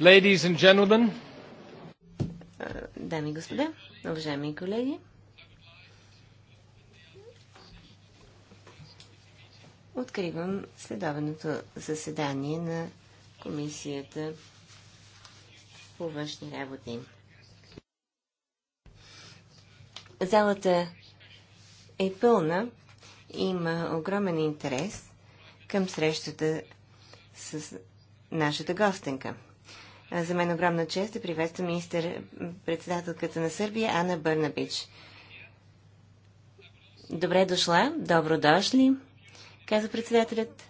Ladies and gentlemen. Дами и господа, уважаеми колеги. Откривам следобедното заседание на Комисията по външни работи. Залата е пълна. Има огромен интерес към срещата с нашата гостенка. За мен огромна чест да приветствам министър председателката на Сърбия Ана Бърнабич. Добре дошла, добро дошли, каза председателят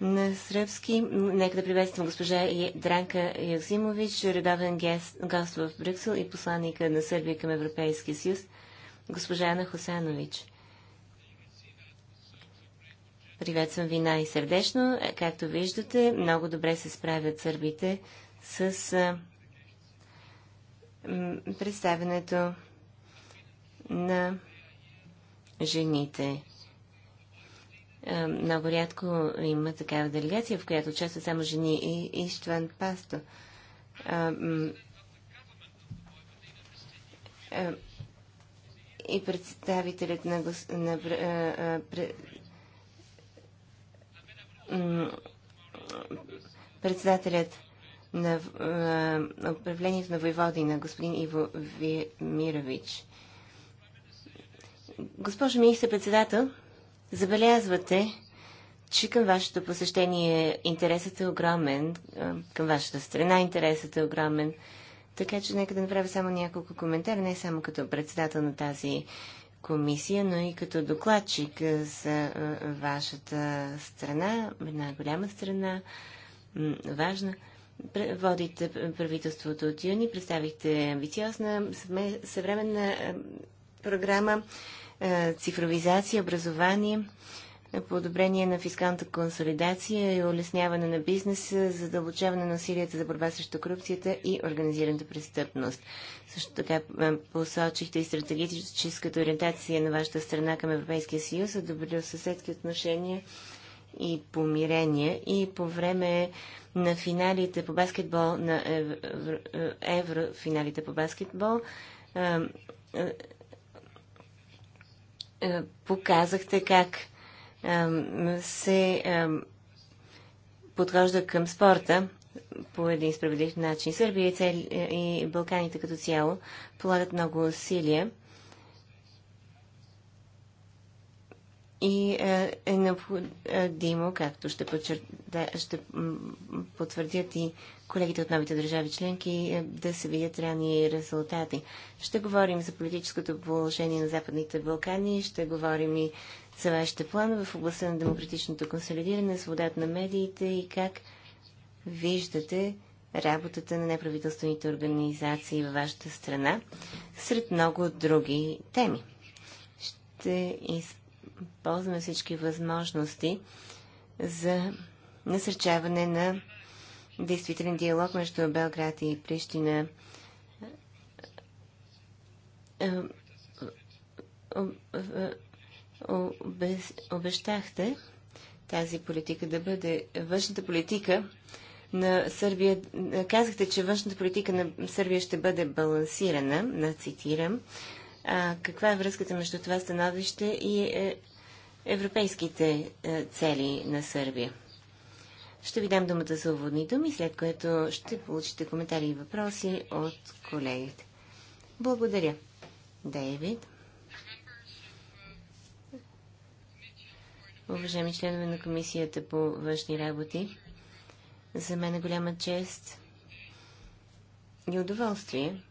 на сръбски. Нека да приветствам госпожа е- Дранка Яксимович, редовен гост в Брюксел и посланника на Сърбия към Европейския съюз, госпожа Ана Хосанович. Приветствам ви най-сърдечно. Както виждате, много добре се справят сърбите с представянето на жените. много рядко има такава делегация, в която участват само жени и Иштван Пасто. и представителят на, гос... на председателят на, на е, управлението на воеводи на господин Иво Мирович. Госпожо министър-председател, забелязвате, че към вашето посещение интересът е огромен, е, към вашата страна интересът е огромен, така че нека да направя само няколко коментари, не само като председател на тази комисия, но и като докладчик за е, вашата страна, една голяма страна, важна водите правителството от юни, представихте амбициозна съвременна програма цифровизация, образование, подобрение на фискалната консолидация и улесняване на бизнеса, задълбочаване на усилията за борба срещу корупцията и организираната престъпност. Също така посочихте и стратегическата ориентация на вашата страна към Европейския съюз, за съседски отношения и помирение и по време на финалите по баскетбол, на еврофиналите евро по баскетбол, показахте как се подхожда към спорта по един справедлив начин. Сърбия и, цели, и Балканите като цяло полагат много усилия и е, е необходимо, както ще, подчерта, ще потвърдят и колегите от новите държави членки, е, да се видят реални резултати. Ще говорим за политическото положение на Западните Балкани, ще говорим и за вашите планове в областта на демократичното консолидиране, свободата на медиите и как виждате работата на неправителствените организации във вашата страна, сред много други теми. Ще изпълняваме ползваме всички възможности за насърчаване на действителен диалог между Белград и Прищина. Е, обещахте тази политика да бъде външната политика на Сърбия. Казахте, че външната политика на Сърбия ще бъде балансирана, на цитирам, а, каква е връзката между това становище и е, европейските е, цели на Сърбия? Ще ви дам думата за уводни думи, след което ще получите коментари и въпроси от колегите. Благодаря. Дейвид. Уважаеми членове на Комисията по външни работи, за мен е голяма чест и удоволствие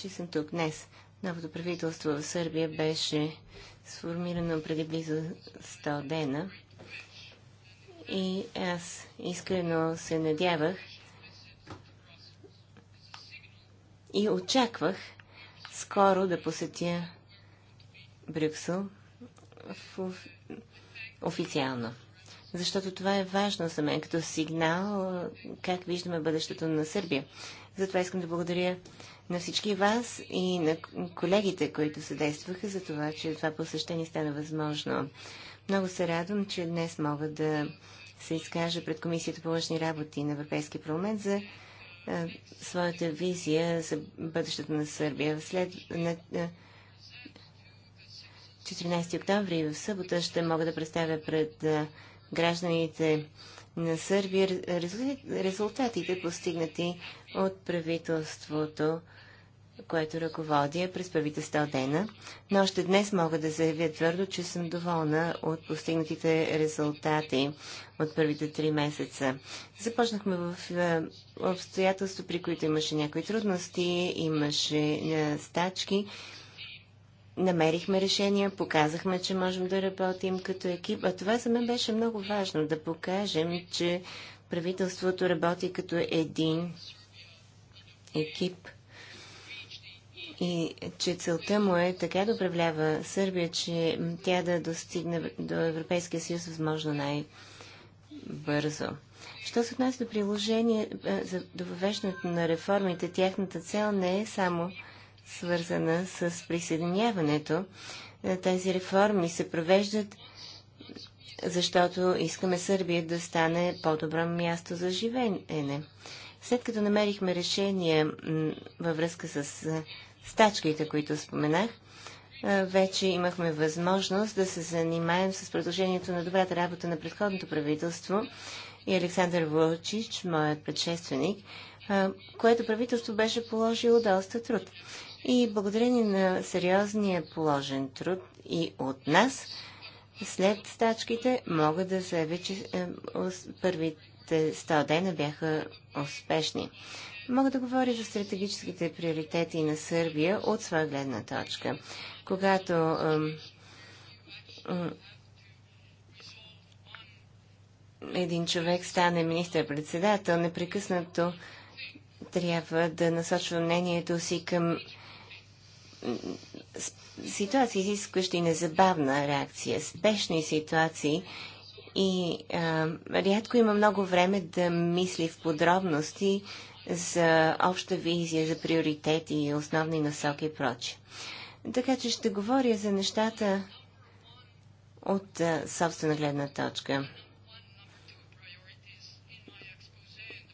че съм тук днес. Новото правителство в Сърбия беше сформирано преди близо 100 дена. И аз искрено се надявах и очаквах скоро да посетя Брюксел в официално. Защото това е важно за мен като сигнал как виждаме бъдещето на Сърбия. Затова искам да благодаря на всички вас и на колегите, които съдействаха за това, че това посещение стана възможно. Много се радвам, че днес мога да се изкажа пред Комисията по външни работи на Европейския парламент за а, своята визия за бъдещето на Сърбия. След на, а, 14 октомври в събота ще мога да представя пред а, гражданите на Сърбия резултатите постигнати от правителството, което ръководя през първите 100 дена. Но още днес мога да заявя твърдо, че съм доволна от постигнатите резултати от първите три месеца. Започнахме в е, обстоятелство, при които имаше някои трудности, имаше е, стачки, намерихме решения, показахме, че можем да работим като екип, а това за мен беше много важно, да покажем, че правителството работи като един екип и че целта му е така да управлява Сърбия, че тя да достигне до Европейския съюз възможно най-бързо. Що се отнася до приложение, за въвеждането на реформите, тяхната цел не е само свързана с присъединяването. Е, тези реформи се провеждат, защото искаме Сърбия да стане по-добро място за живеене. След като намерихме решение във връзка с е, стачките, които споменах, е, вече имахме възможност да се занимаем с продължението на добрата работа на предходното правителство и Александър Вълчич, моят предшественик, което правителство беше положило доста труд и благодарение на сериозния положен труд и от нас, след стачките мога да заявя, че е, първите 100 дена бяха успешни. Мога да говоря за стратегическите приоритети на Сърбия от своя гледна точка. Когато един човек стане министър-председател, непрекъснато трябва да насочва мнението си към ситуации, изискващи незабавна реакция, спешни ситуации и а, рядко има много време да мисли в подробности за обща визия, за приоритети, и основни насоки и прочее. Така че ще говоря за нещата от а, собствена гледна точка.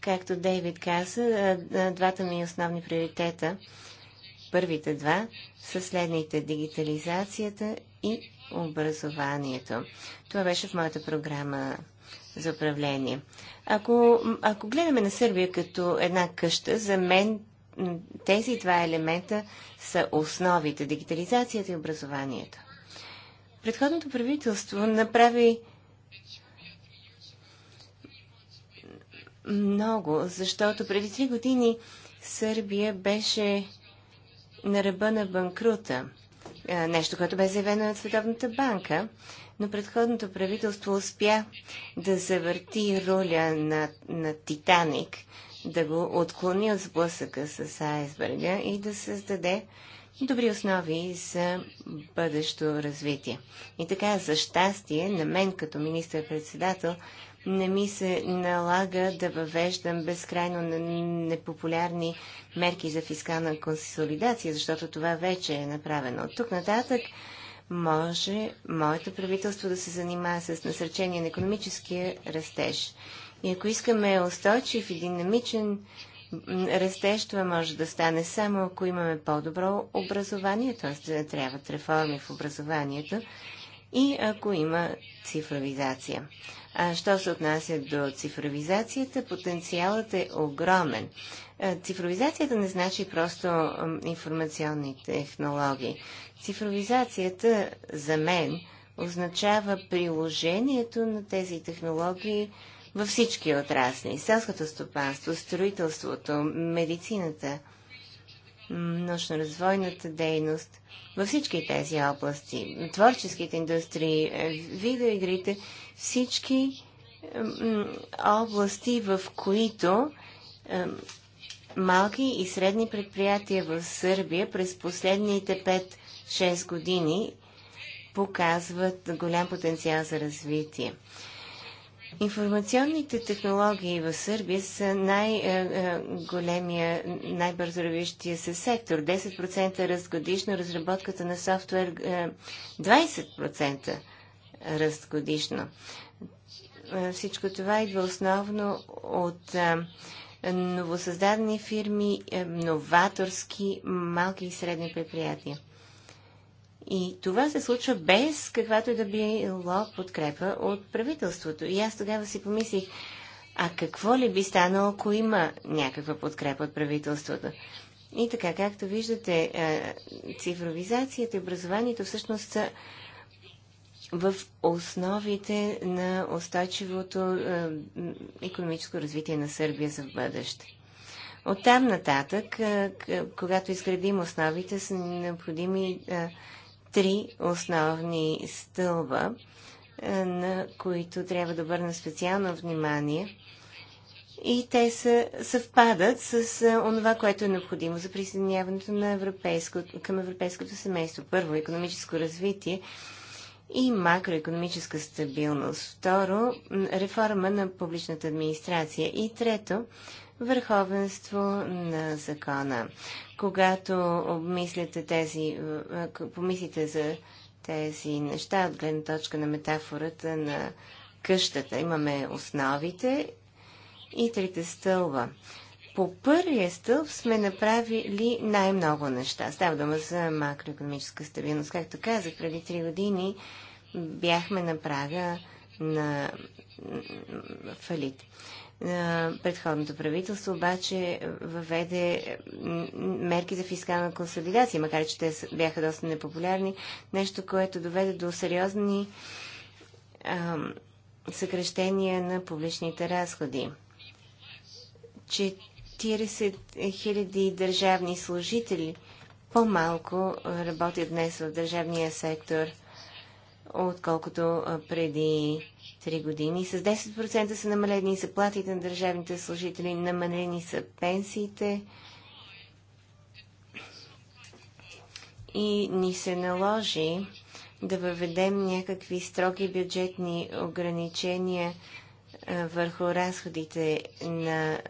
Както Дейвид каза, двата ми основни приоритета – Първите два са следните – дигитализацията и образованието. Това беше в моята програма за управление. Ако, ако гледаме на Сърбия като една къща, за мен тези два елемента са основите – дигитализацията и образованието. Предходното правителство направи много, защото преди три години Сърбия беше на ръба на банкрута. Е, нещо, което бе заявено от Световната банка, но предходното правителство успя да завърти роля на, на Титаник, да го отклони от сблъсъка с айсберга и да създаде добри основи за бъдещо развитие. И така, за щастие, на мен като министър-председател не ми се налага да въвеждам безкрайно непопулярни мерки за фискална консолидация, защото това вече е направено. От тук нататък може моето правителство да се занимава с насърчение на економическия растеж. И ако искаме устойчив и динамичен Растещо може да стане само ако имаме по-добро образование, т.е. да трябват реформи в образованието и ако има цифровизация. А що се отнася до цифровизацията, потенциалът е огромен. Цифровизацията не значи просто информационни технологии. Цифровизацията за мен означава приложението на тези технологии – във всички отрасли. Селското стопанство, строителството, медицината, научно-развойната дейност, във всички тези области, творческите индустрии, е, видеоигрите, всички области, в които е, малки и средни предприятия в Сърбия през последните 5-6 години показват голям потенциал за развитие. Информационните технологии в Сърбия са най-големия, е, е, най-бързо развиващия се сектор. 10% ръст годишно, разработката на софтуер 20% ръст годишно. Всичко това идва основно от е, новосъздадени фирми, новаторски малки и средни предприятия. И това се случва без каквато да било подкрепа от правителството. И аз тогава си помислих, а какво ли би станало, ако има някаква подкрепа от правителството? И така, както виждате, цифровизацията и образованието всъщност са в основите на устойчивото економическо развитие на Сърбия за бъдеще. От там нататък, когато изградим основите, са необходими три основни стълба, е, на които трябва да обърна специално внимание. И те са, съвпадат с е, онова, което е необходимо за присъединяването на европейско, към европейското семейство. Първо, економическо развитие и макроекономическа стабилност. Второ, реформа на публичната администрация. И трето, върховенство на закона. Когато обмисляте тези, е, е, помислите за тези неща от гледна точка на метафората на къщата, имаме основите и трите стълба. По първия стълб сме направили най-много неща. Става дума за макроекономическа стабилност. Както казах, преди три години бяхме на прага на фалит. Е, предходното правителство обаче въведе мерки за фискална консолидация, макар че те бяха доста непопулярни, нещо, което доведе до сериозни съкрещения на публичните разходи. 40 000 държавни служители по-малко работят днес в държавния сектор, отколкото преди 3 години. С 10% са намалени заплатите на държавните служители, намалени са пенсиите и ни се наложи да въведем някакви строги бюджетни ограничения върху разходите на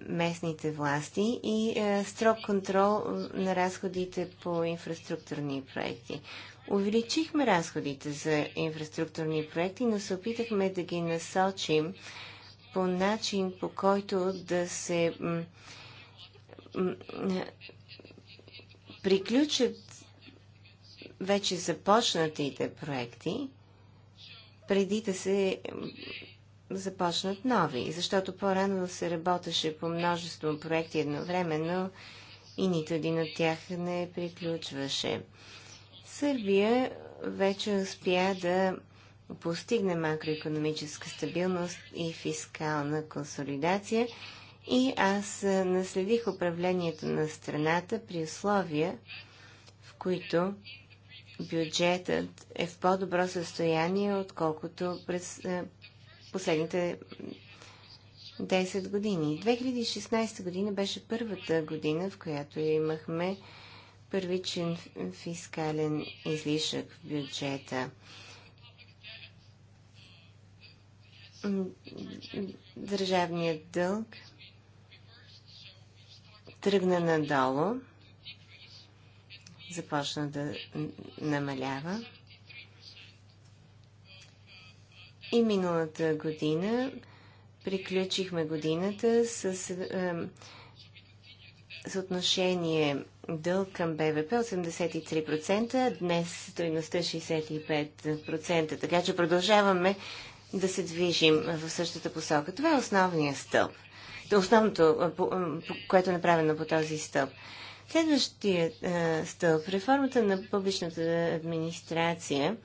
местните власти и строг контрол на разходите по инфраструктурни проекти. Увеличихме разходите за инфраструктурни проекти, но се опитахме да ги насочим по начин, по който да се приключат вече започнатите проекти, преди да се започнат нови, защото по-рано се работеше по множество проекти едновременно и нито един от тях не приключваше. Сърбия вече успя да постигне макроекономическа стабилност и фискална консолидация и аз наследих управлението на страната при условия, в които бюджетът е в по-добро състояние, отколкото през последните 10 години. 2016 година беше първата година, в която имахме първичен фискален излишък в бюджета. Държавният дълг тръгна надолу, започна да намалява. И миналата година приключихме годината с е, съотношение дълг към БВП 83%, е днес стоиността 65%, е така че продължаваме да се движим в същата посока. Това е основният стълб. Е основното, което е направено по този стълб. Следващият стълб, реформата на публичната администрация,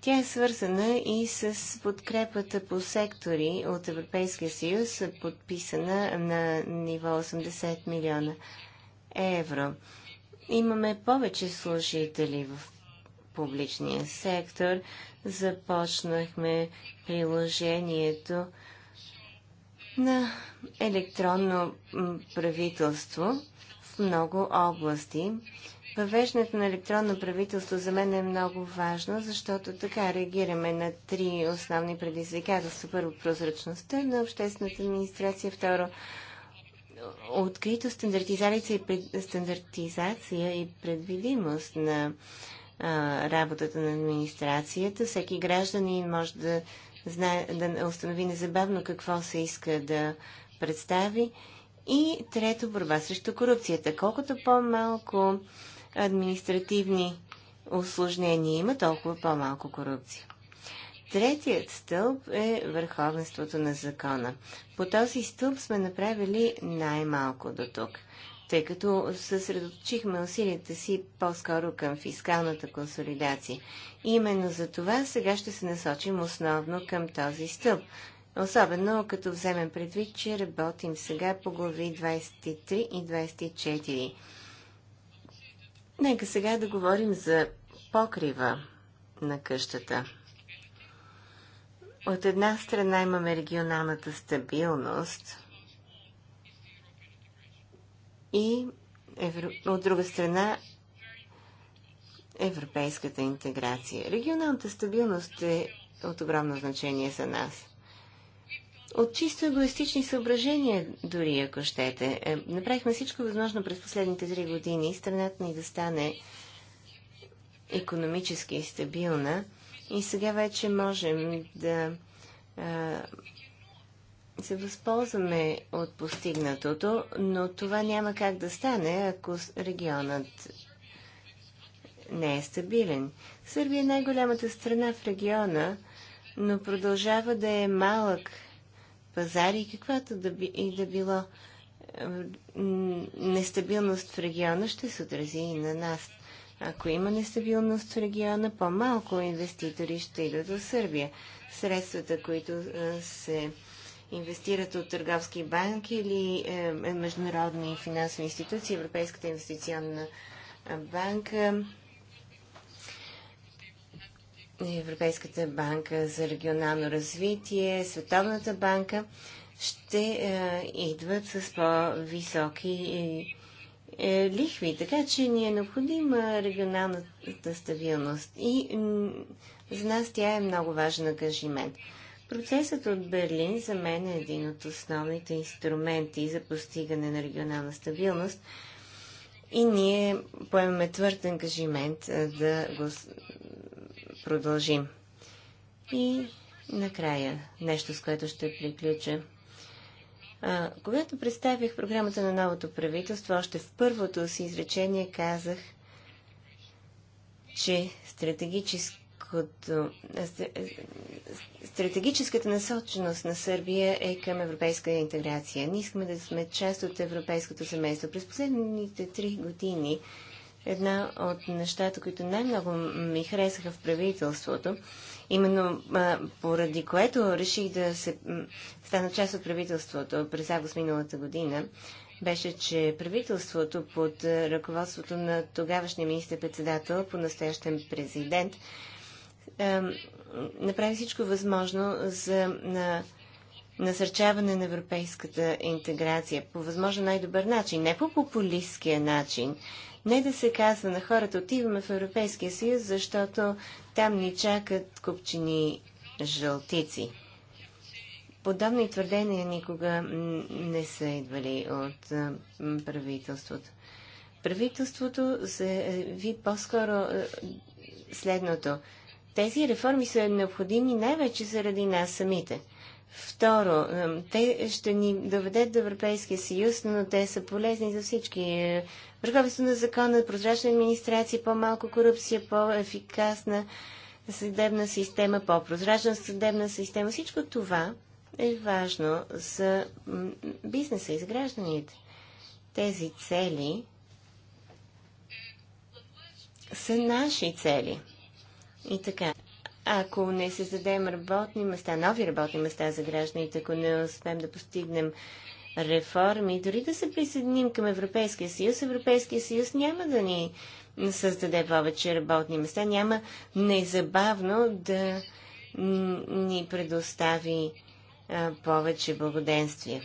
тя е свързана и с подкрепата по сектори от Европейския съюз, подписана на ниво 80 милиона евро. Имаме повече служители в публичния сектор. Започнахме приложението на електронно правителство в много области. Въвеждането на електронно правителство за мен е много важно, защото така реагираме на три основни предизвикателства. Първо, прозрачността на обществената администрация. Второ, открито стандартизация и, пред, стандартизация и предвидимост на а, работата на администрацията. Всеки гражданин може да, знае, да установи незабавно какво се иска да представи. И трето, борба срещу корупцията. Колкото по-малко административни осложнения има, толкова по-малко корупция. Третият стълб е върховенството на закона. По този стълб сме направили най-малко до тук, тъй като съсредоточихме усилията си по-скоро към фискалната консолидация. Именно за това сега ще се насочим основно към този стълб. Особено като вземем предвид, че работим сега по глави 23 и 24. Нека сега да говорим за покрива на къщата. От една страна имаме регионалната стабилност и евро... от друга страна европейската интеграция. Регионалната стабилност е от огромно значение за нас. От чисто егоистични съображения, дори ако щете. Е, направихме всичко възможно през последните три години страната ни да стане економически стабилна и сега вече можем да а, се възползваме от постигнатото, но това няма как да стане, ако регионът не е стабилен. Сърбия е най-голямата страна в региона, но продължава да е малък пазар и каквато да би, и да било нестабилност в региона ще се отрази и на нас. Ако има нестабилност в региона, по-малко инвеститори ще идат до Сърбия. Средствата, които се инвестират от търговски банки или е, е, международни финансови институции, Европейската инвестиционна банка, Европейската банка за регионално развитие, Световната банка, ще е, идват с по-високи е, лихви, така че ни е необходима регионалната стабилност и за нас тя е много важен ангажимент. Процесът от Берлин за мен е един от основните инструменти за постигане на регионална стабилност и ние поемаме твърд ангажимент да го продължим. И накрая нещо, с което ще приключа когато представих програмата на новото правителство, още в първото си изречение казах, че стратегическата насоченост на Сърбия е към европейска интеграция. Ние искаме да сме част от европейското семейство. През последните три години една от нещата, които най-много ми харесаха в правителството, Именно а, поради което реших да се стана част от правителството през август миналата година, беше, че правителството под ръководството на тогавашния министр-председател, по настоящен президент, а, направи всичко възможно за на, насърчаване на европейската интеграция по възможно най-добър начин, не по популистския начин, не да се казва на хората, отиваме в Европейския съюз, защото там ни чакат купчени жълтици. Подобни твърдения никога не са идвали от правителството. правителството. се е, ви по-скоро е, следното. Тези реформи са необходими най-вече заради нас самите – Второ, те ще ни доведат до Европейския съюз, но те са полезни за всички. Е, върховенство на закона, прозрачна администрация, по-малко корупция, по-ефикасна съдебна система, по-прозрачна съдебна система. Всичко това е важно за бизнеса и за гражданите. Тези цели са наши цели. И така, ако не създадем работни места, нови работни места за гражданите, ако не успеем да постигнем реформи, дори да се присъединим към Европейския съюз, Европейския съюз няма да ни създаде повече работни места, няма незабавно да ни предостави повече благоденствие.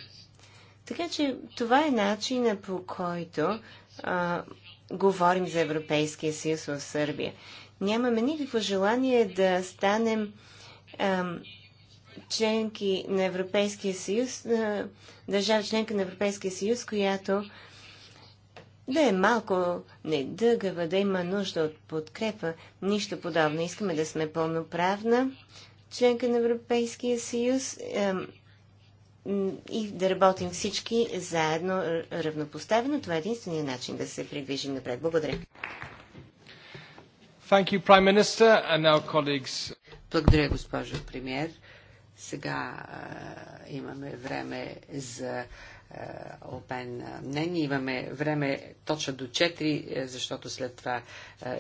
Така че това е начина по който а, говорим за Европейския съюз в Сърбия. Нямаме никакво желание да станем ам, членки на Европейския съюз, а, държава членка на Европейския съюз, която да е малко недъгава, да има нужда от подкрепа, нищо подобно. Искаме да сме пълноправна членка на Европейския съюз е, и да работим всички заедно равнопоставено. Това е единствения начин да се придвижим напред. Благодаря. You, Благодаря, госпожо премьер. Сега имаме време за обен обмен на мнение. Имаме време точно до 4, защото след това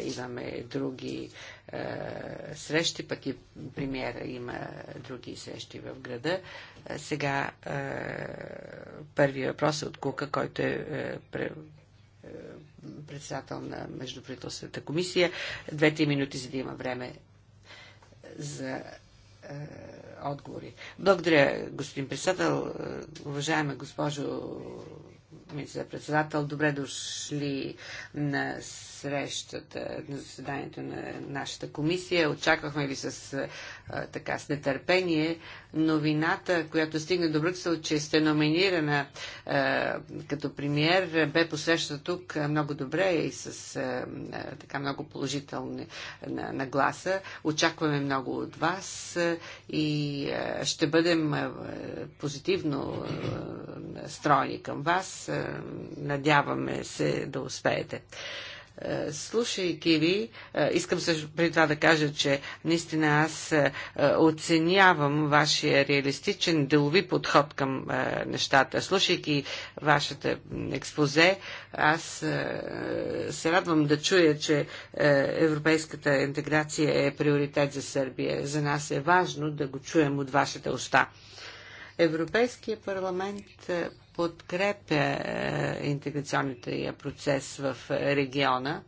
имаме други срещи, пък и премиера има други срещи в града. Сега първият въпрос е от Кука, който е председател на Междуправителствената комисия. Две-три минути, за да има време за е, отговори. Благодаря, господин председател. Е, уважаема госпожо министър-председател, добре дошли на срещата, на заседанието на нашата комисия. Очаквахме ви с е, така с нетърпение новината, която стигна до Брюксел, че сте номинирана а, като премиер, бе посрещната тук много добре и с а, така много положителни нагласа. Очакваме много от вас и а, ще бъдем а, позитивно а, строени към вас. А, надяваме се да успеете. Е, слушайки ви, е, искам също при това да кажа, че наистина аз е, оценявам вашия реалистичен делови подход към нещата. Слушайки вашата експозе, аз се радвам да чуя, че европейската интеграция е приоритет за Сърбия. За нас е важно да го чуем от вашата уста. Европейския парламент е, подкрепя е, интеграционния процес в е, региона.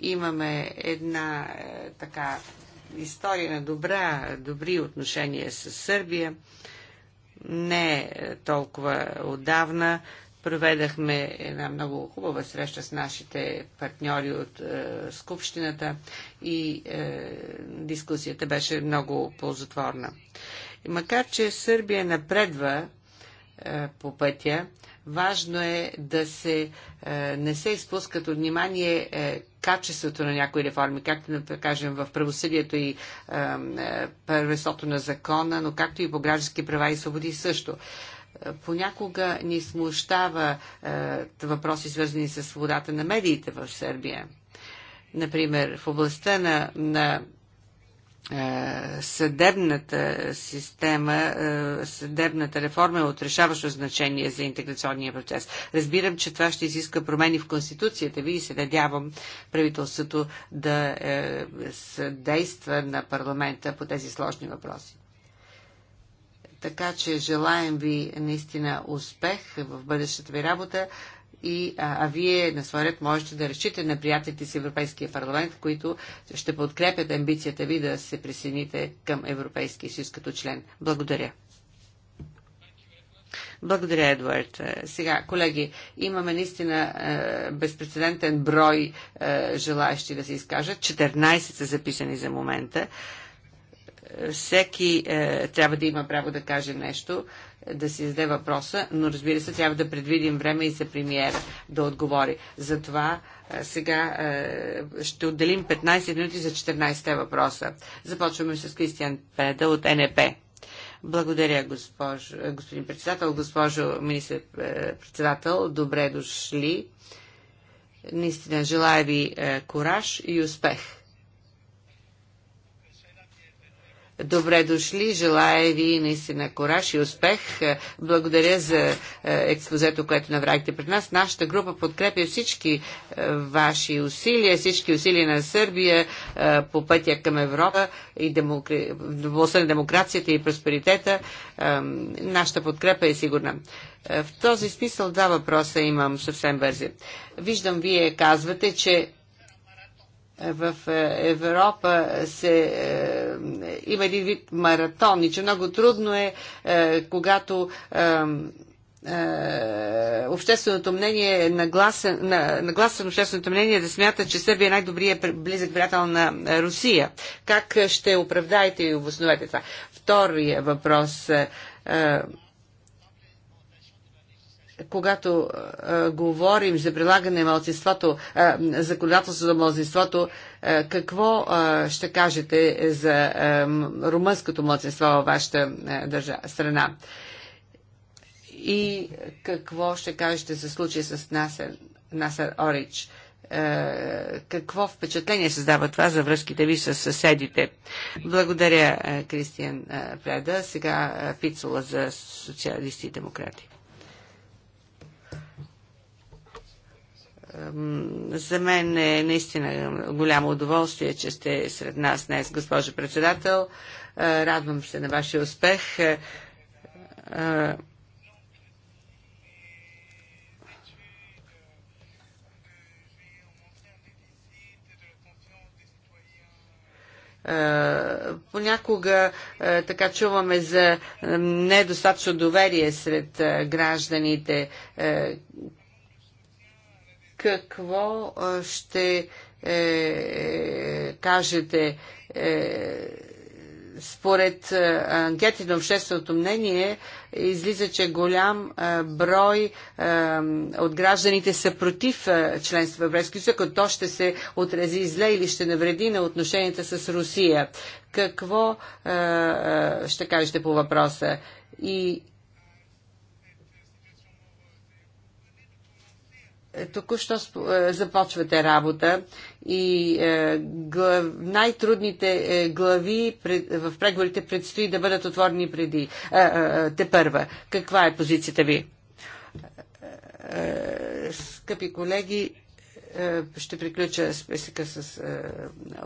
Имаме една така история на добра, добри отношения с Сърбия. Не толкова отдавна проведахме една много хубава среща с нашите партньори от е, Скупщината и е, дискусията беше много ползотворна. Макар, че Сърбия напредва е, по пътя, важно е да се, е, не се изпускат от внимание е, качеството на някои реформи, както да кажем в правосъдието и е, е, първесото на закона, но както и по граждански права и свободи също е, понякога ни смущава е, въпроси, свързани с свободата на медиите в Сърбия. Например, в областта на, на е, съдебната система, е, съдебната реформа е от решаващо значение за интеграционния процес. Разбирам, че това ще изиска промени в Конституцията ви и се надявам правителството да е, съдейства на парламента по тези сложни въпроси. Така че желаем ви наистина успех в бъдещата ви работа и, а, а вие на своя ред можете да решите на приятелите си Европейския парламент, които ще подкрепят амбицията ви да се присъедините към Европейския съюз като член. Благодаря. Благодаря, Едуард. Е, сега, колеги, имаме наистина е, безпредседентен брой е, желаящи да се изкажат. 14 са записани за момента. Всеки е, трябва да има право да каже нещо да си зададе въпроса, но разбира се, трябва да предвидим време и за премиера да отговори. Затова е, сега е, ще отделим 15 минути за 14-те въпроса. Започваме с Кристиан Педа от НЕП. Благодаря, госпож, господин председател, госпожо министър-председател. Е, добре дошли. Наистина, желая ви кораж и успех. Добре дошли, желая ви наистина кораж и успех. Благодаря за е, експозето, което направихте пред нас. Нашата група подкрепя всички е, ваши усилия, всички усилия на Сърбия е, по пътя към Европа и демокра... на демокрацията и просперитета. Нашата подкрепа е сигурна. В този смисъл два въпроса имам съвсем бързи. Виждам, вие казвате, че в е, Европа се, е, има един вид маратон и че много трудно е, е когато общественото мнение е нагласен, на, нагласен общественото мнение да смята, че Сърбия е най-добрият близък приятел на Русия. Как ще оправдаете и обосновете това? Втория въпрос когато а, говорим за прилагане на младсинството, законодателство за младсинството, какво а, ще кажете за а, румънското младсинство във вашата а, държа, страна? И какво ще кажете за случая с Насер, Насер Орич? какво впечатление създава това за връзките ви с съседите. Благодаря, Кристиан Преда. Сега Пицула за социалисти и демократи. За мен е наистина голямо удоволствие, че сте сред нас днес, госпожо председател. Радвам се на вашия успех. понякога така чуваме за недостатъчно доверие сред гражданите какво ще е, е, кажете е, според анкети на общественото мнение излиза, че голям брой от гражданите са против членство в Европейския съюз, като то ще се отрази зле или ще навреди на отношенията с Русия. Какво ще кажете по въпроса? И Е, току-що е, започвате работа и е, най-трудните глави в преговорите предстои да бъдат отворени преди те първа. Каква е позицията ви? Скъпи колеги, ще приключа списъка с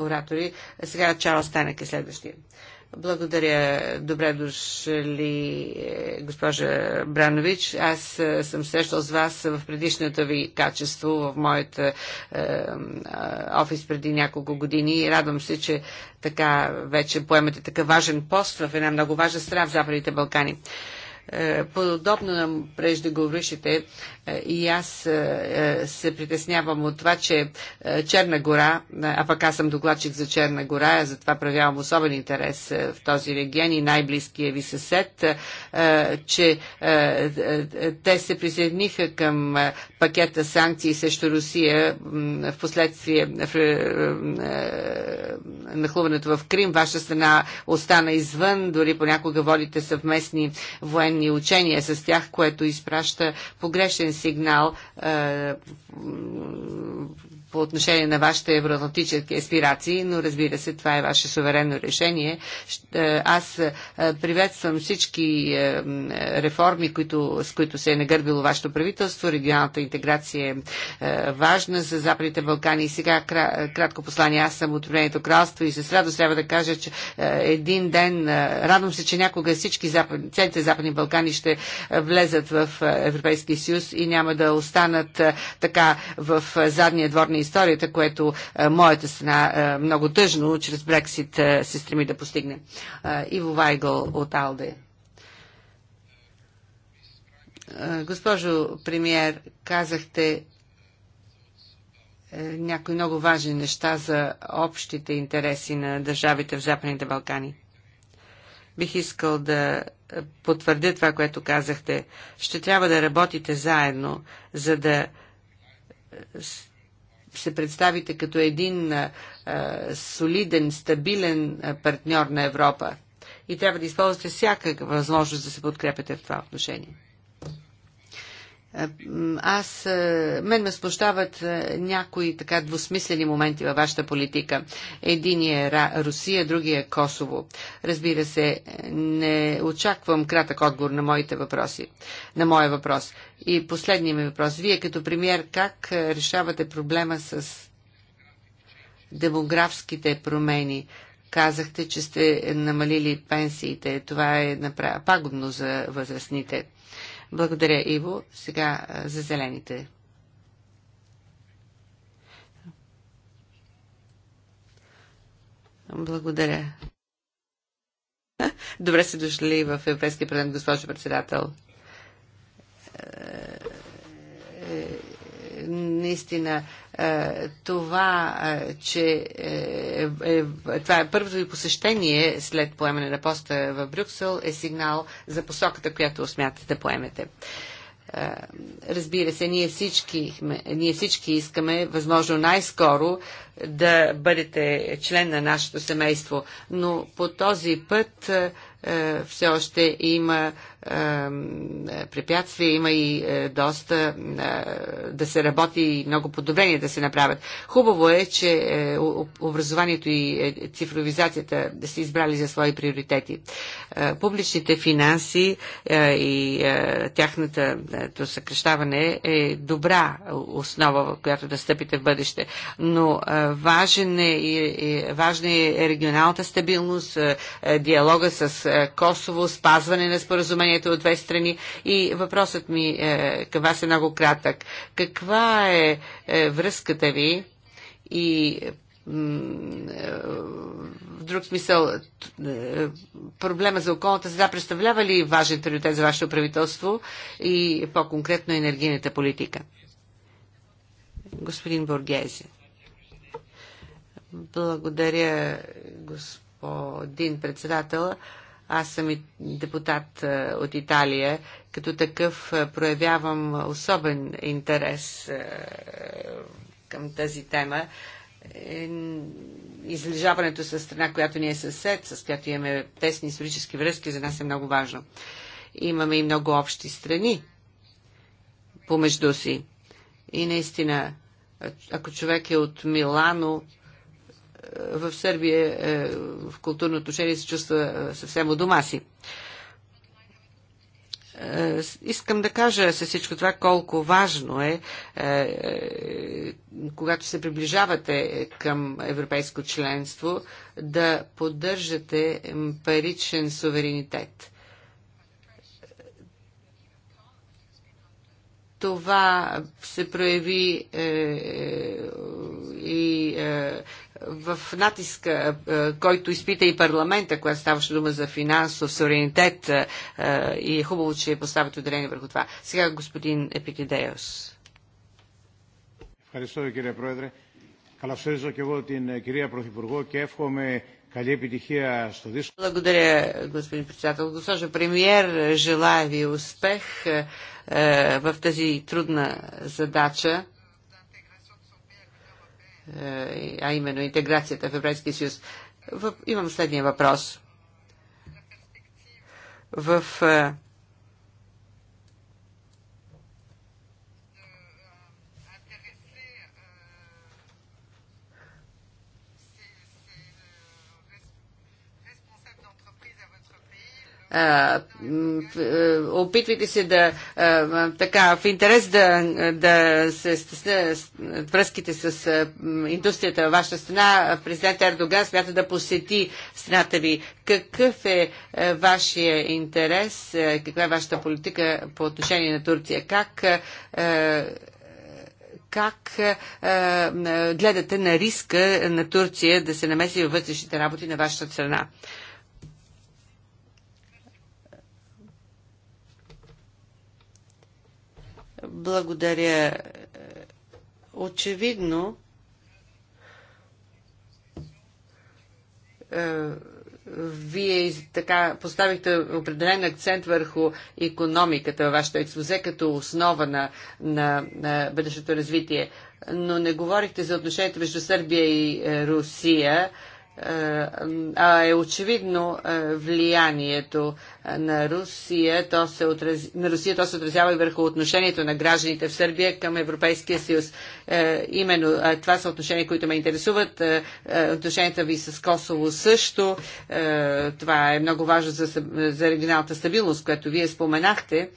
оратори. Сега Чарлз Танек е следващия. Благодаря. Добре дошли, госпожа Бранович. Аз е, съм срещал с вас в предишната ви качество в моят е, е офис преди няколко години и радвам се, че така вече поемате така важен пост в една много важна страна в Западните Балкани е, подобно на преждеговорившите, е, и аз е, е, се притеснявам от това, че Черна гора, а пък аз съм докладчик за Черна гора, а затова проявявам особен интерес в този регион и най-близкия ви съсед, че те се присъединиха към пакета санкции срещу Русия в последствие нахлуването в Крим. Ваша страна остана извън, дори понякога водите съвместни военни учения с тях, което изпраща погрешен сигнал по отношение на вашите евроатлантически аспирации, но разбира се, това е ваше суверенно решение. Е, аз е, приветствам всички е, реформи, които, с които се е нагърбило вашето правителство. Регионалната интеграция е важна за Западните Балкани. И сега кратко послание. Аз съм от Обединеното кралство и с радост трябва да кажа, че един ден, радвам се, че някога всички запад, целите Западни Балкани ще влезат в Европейския съюз и няма да останат така в задния двор на историята, което моята страна много тъжно чрез Брексит се стреми да постигне. Иво Вайгъл от Алде. Госпожо премиер, казахте е, някои много важни неща за общите интереси на държавите в Западните Балкани. Бих искал да потвърдя това, което казахте. Ще трябва да работите заедно, за да се представите като един солиден, стабилен партньор на Европа. И трябва да използвате всяка възможност да се подкрепяте в това отношение. Аз, е, мен ме смущават е, някои така двусмислени моменти във вашата политика. Единият е Русия, другия е Косово. Разбира се, не очаквам кратък отговор на моите въпроси, на моя въпрос. И последният ми въпрос. Вие като премьер как е, решавате проблема с демографските промени? Казахте, че сте намалили пенсиите. Това е пагубно за възрастните. Благодаря, Иво. Сега за зелените. Благодаря. Добре сте дошли в Европейския парламент, госпожо председател. Е, е, наистина, е, това, че е, е, това е първото ви посещение след поемане на поста в Брюксел, е сигнал за посоката, която смятате да поемете. Е, разбира се, ние всички, ние всички искаме, възможно най-скоро, да бъдете член на нашето семейство, но по този път е, е, все още има е, препятствия, има и е, доста да се работи и много подобрения да се направят. Хубаво е, че образованието и цифровизацията да са избрали за свои приоритети. Публичните финанси и тяхната съкрещаване е добра основа, в която да стъпите в бъдеще. Но важен е, важна е регионалната стабилност, диалога с е, Косово, спазване на споразумението от две страни. И въпросът ми е, към вас е много кратък. Каква е, е връзката ви и е, в друг смисъл, е, проблема за околната среда представлява ли важен приоритет за вашето правителство и по-конкретно енергийната политика? Господин Боргези. Благодаря, господин господин председател. Аз съм и депутат от Италия. Като такъв проявявам особен интерес към тази тема. Е, излежаването с страна, която ни е съсед, с която имаме тесни исторически връзки, за нас е много важно. Имаме и много общи страни помежду си. И наистина, ако човек е от Милано, в Сърбия е, в културно отношение се чувства е, съвсем у дома си. Е, искам да кажа със всичко това колко важно е, когато се приближавате към европейско членство, да поддържате паричен суверенитет. Това се прояви е, и е, в натиска, е, който изпита и парламента, когато ставаше дума за финансов суверенитет е, и е хубаво, че поставят ударение върху това. Сега господин Епикидеос. Ευχαριστώ κύριε Πρόεδρε. Καλωσορίζω και εγώ την κυρία Πρωθυπουργό και εύχομαι Καλή επιτυχία στο δίσκο. Благодаря, господин председател. Госпожо премьер, желая ви успех в тази трудна задача а именно интеграцията в Европейския съюз. Имам следния въпрос. В Е, опитвайте се да така, в интерес да, да се стесне връзките с индустрията във вашата страна, президент Ердоган смята да посети страната ви. Какъв е, е вашия интерес, е, каква е вашата политика по отношение на Турция? Как как е, гледате на риска на Турция да се намеси във вътрешните работи на вашата страна? Благодаря. Очевидно, е, вие така поставихте определен акцент върху економиката във вашето експозе като основа на, на, на бъдещето развитие. Но не говорихте за отношението между Сърбия и е, Русия. Е, а е очевидно е, влиянието е, на Русия, то се отраз... на Русия то се отразява и върху отношението на гражданите в Сърбия към Европейския съюз. Именно това са отношения, които ме интересуват. Отношенията ви с Косово също. Това е много важно за, за регионалната стабилност, което вие споменахте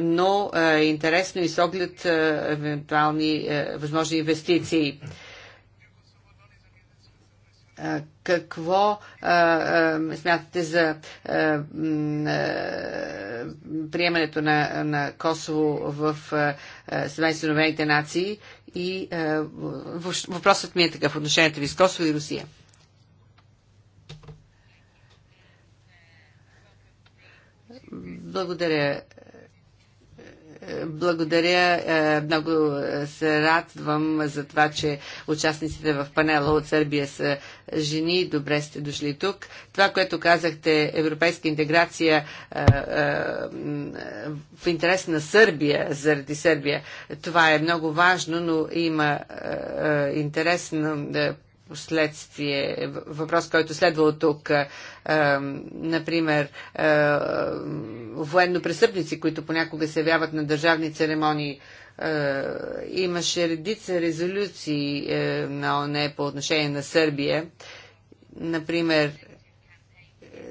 но е интересно и с оглед евентуални възможни инвестиции какво а, а, смятате за а, приемането на, на Косово в Съединените нации и въпросът ми е такъв, отношението ви с Косово и Русия. Благодаря благодаря. Е, много е, се радвам за това, че участниците в панела от Сърбия са жени. Добре сте дошли тук. Това, което казахте, европейска интеграция е, в интерес на Сърбия, заради Сърбия, това е много важно, но има интерес на последствие, въпрос, който следва от тук. Е, например, е, военно-престъпници, които понякога се явяват на държавни церемонии, е, имаше редица резолюции на ОНЕ по отношение на Сърбия. Например,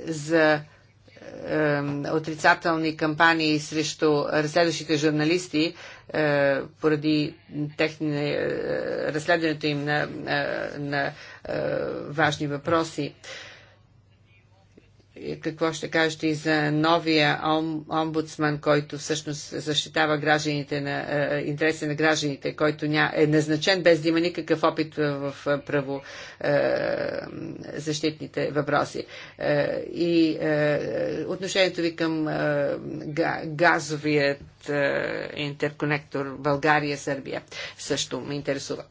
за отрицателни кампании срещу разследващите журналисти, е, поради техни, е, разследването им на, е, на, на важни въпроси какво ще кажете и за новия омбудсман, който всъщност защитава гражданите на, е, е, интереси на гражданите, който ня, е назначен без да има никакъв опит в право е, защитните въпроси. И отношението ви към газовият интерконектор България-Сърбия също ме интересува.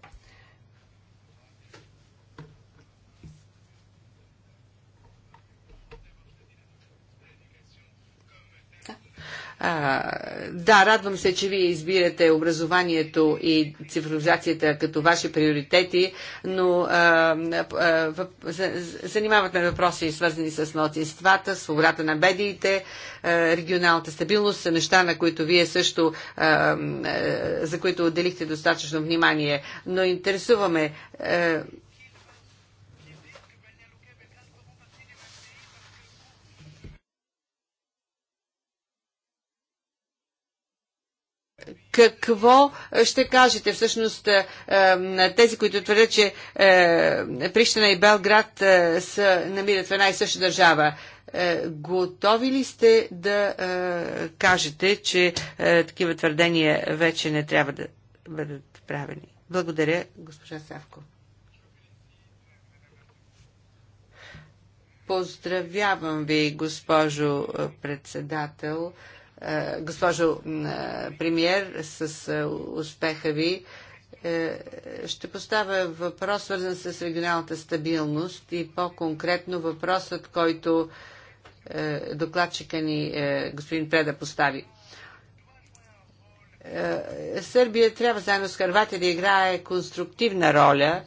А, да, радвам се, че вие избирате образованието и цифровизацията като ваши приоритети, но а, а, въп, занимават ме въпроси, свързани с младсинствата, свободата на медиите, регионалната стабилност, са неща, на които вие също, а, а, за които отделихте достатъчно внимание. Но интересуваме. А, какво е, ще кажете? Всъщност е, е, тези, които твърдят, че Прищина и Белград са, намират в една и съща държава. Готови ли сте да кажете, че такива твърдения вече не трябва да бъдат правени? Благодаря, госпожа Савко. Поздравявам ви, госпожо председател. Е, госпожо е, премьер, с е, успеха ви. Ще поставя въпрос, свързан с регионалната стабилност и по-конкретно въпросът, който докладчика ни господин Преда постави. Сърбия трябва заедно с Харватия да играе конструктивна роля,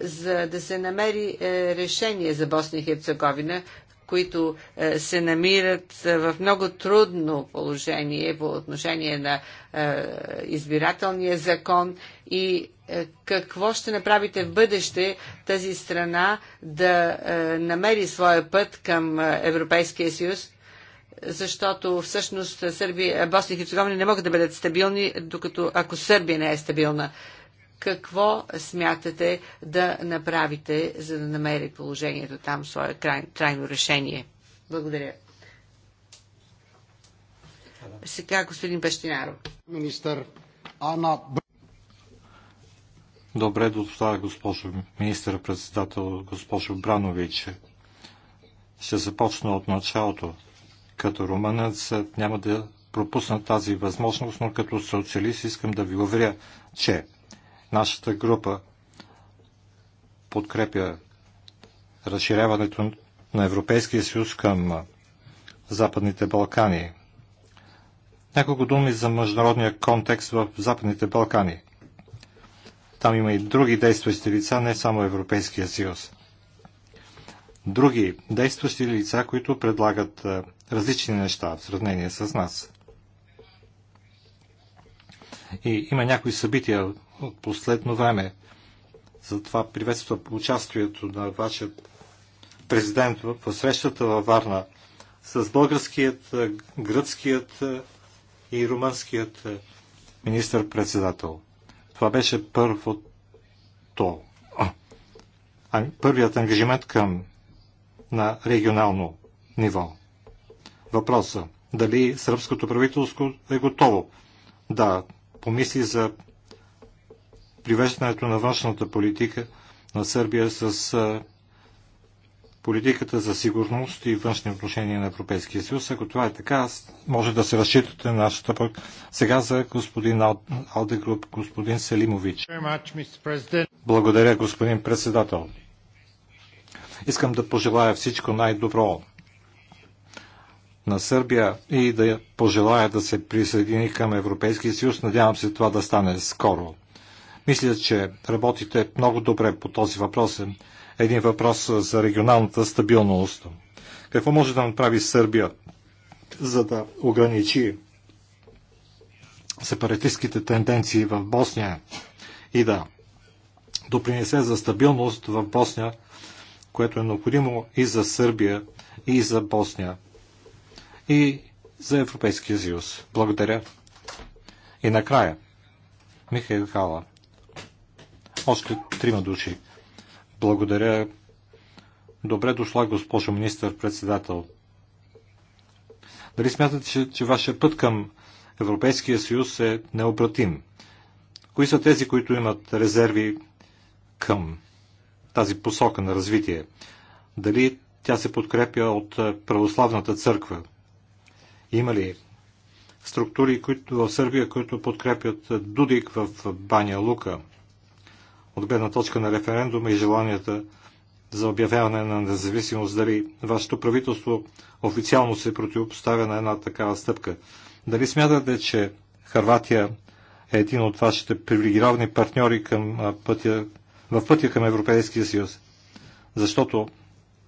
за да се намери решение за Босния и Херцеговина, които е, се намират е, в много трудно положение по отношение на е, избирателния закон и какво ще направите в бъдеще тази страна да намери своя път към Европейския съюз? защото всъщност Босния и Херцеговина не могат да бъдат стабилни, докато ако Сърбия не е стабилна какво смятате да направите, за да намери положението там свое край, крайно решение? Благодаря. Сега господин Пещинаро. Министър Ана Добре дошла, госпожо министър-председател, госпожо Бранович. Ще започна от началото. Като румънец няма да пропусна тази възможност, но като социалист искам да ви уверя, че Нашата група подкрепя разширяването на Европейския съюз към Западните Балкани. Няколко думи за международния контекст в Западните Балкани. Там има и други действащи лица, не само Европейския съюз. Други действащи лица, които предлагат различни неща в сравнение с нас. И има някои събития от последно време. Затова приветствам участието на вашия президент в срещата във Варна с българският, гръцкият и румънският министър-председател. Това беше първото. А, първият ангажимент към на регионално ниво. Въпроса дали сръбското правителство е готово да помисли за привеждането на външната политика на Сърбия с политиката за сигурност и външни отношения на Европейския съюз. Ако това е така, може да се разчитате на нашата пък. Сега за господин Алдегруп, господин Селимович. Благодаря, господин председател. Искам да пожелая всичко най-добро на Сърбия и да пожелая да се присъедини към Европейския съюз. Надявам се това да стане скоро. Мисля, че работите много добре по този въпрос. Е един въпрос за регионалната стабилност. Какво може да направи Сърбия, за да ограничи сепаратистските тенденции в Босния и да допринесе за стабилност в Босния, което е необходимо и за Сърбия, и за Босния и за Европейския съюз. Благодаря. И накрая, Михаил Хала. Още трима души. Благодаря. Добре дошла, госпожо министър-председател. Дали смятате, че, че вашия път към Европейския съюз е необратим? Кои са тези, които имат резерви към тази посока на развитие? Дали тя се подкрепя от православната църква? Има ли структури които, в Сърбия, които подкрепят Дудик в Баня Лука? От гледна точка на референдума и желанията за обявяване на независимост, дали вашето правителство официално се противопоставя на една такава стъпка. Дали смятате, че Харватия е един от вашите привилегировани партньори към пътя, в пътя към Европейския съюз? Защото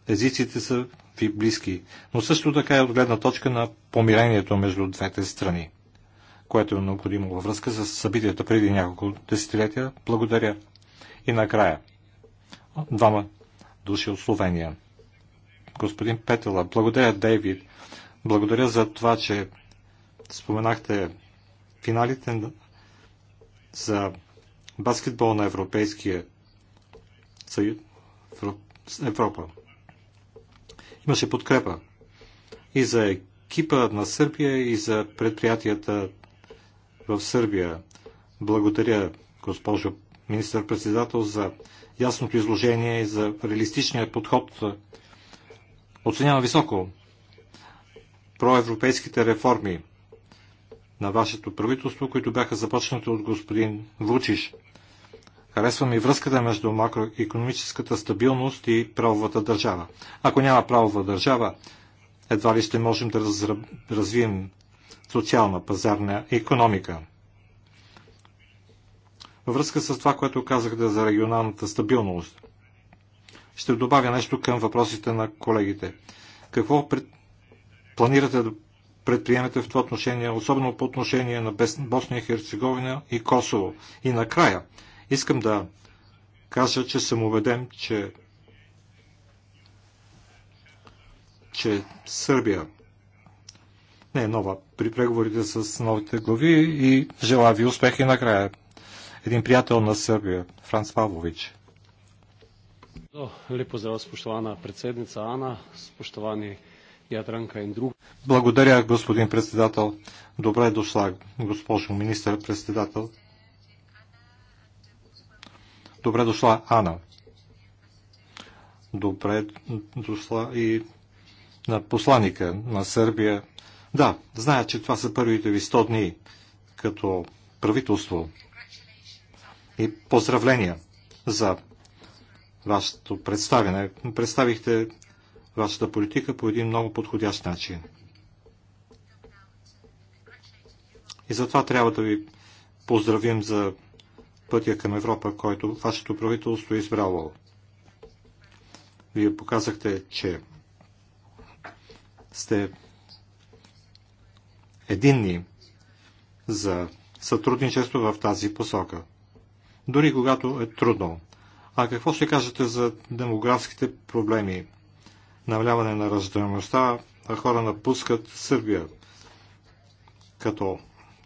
езиците са ви близки, но също така и е от гледна точка на помирението между двете страни, което е необходимо във връзка с събитията преди няколко десетилетия. Благодаря. И накрая, двама души от Словения. Господин Петела, благодаря, Дейвид. Благодаря за това, че споменахте финалите за баскетбол на Европейския съюз, Европа. Имаше подкрепа и за екипа на Сърбия, и за предприятията в Сърбия. Благодаря, госпожо министър-председател, за ясното изложение и за реалистичния подход. Оценявам високо проевропейските реформи на вашето правителство, които бяха започнати от господин Вучиш. Харесвам и връзката между макроекономическата стабилност и правовата държава. Ако няма правова държава, едва ли ще можем да развием социална пазарна економика. Във връзка с това, което казахте за регионалната стабилност, ще добавя нещо към въпросите на колегите. Какво пред... планирате да предприемете в това отношение, особено по отношение на Босния и Херцеговина и Косово? И накрая, Искам да кажа, че съм убеден, че, че Сърбия не е нова при преговорите с новите глави и желая ви успехи накрая. Един приятел на Сърбия, Франц Павлович. Лепо за вас, председница Ана, Ядранка и друг. Благодаря, господин председател. Добре дошла, госпожо министър-председател. Добре дошла, Ана. Добре дошла и на посланика на Сърбия. Да, зная, че това са първите ви 100 дни като правителство. И поздравления за вашето представяне. Представихте вашата политика по един много подходящ начин. И затова трябва да ви поздравим за пътя към Европа, който вашето правителство е избрало. Вие показахте, че сте единни за сътрудничество в тази посока. Дори когато е трудно. А какво ще кажете за демографските проблеми? Навляване на раждаемостта, а хора напускат Сърбия. Като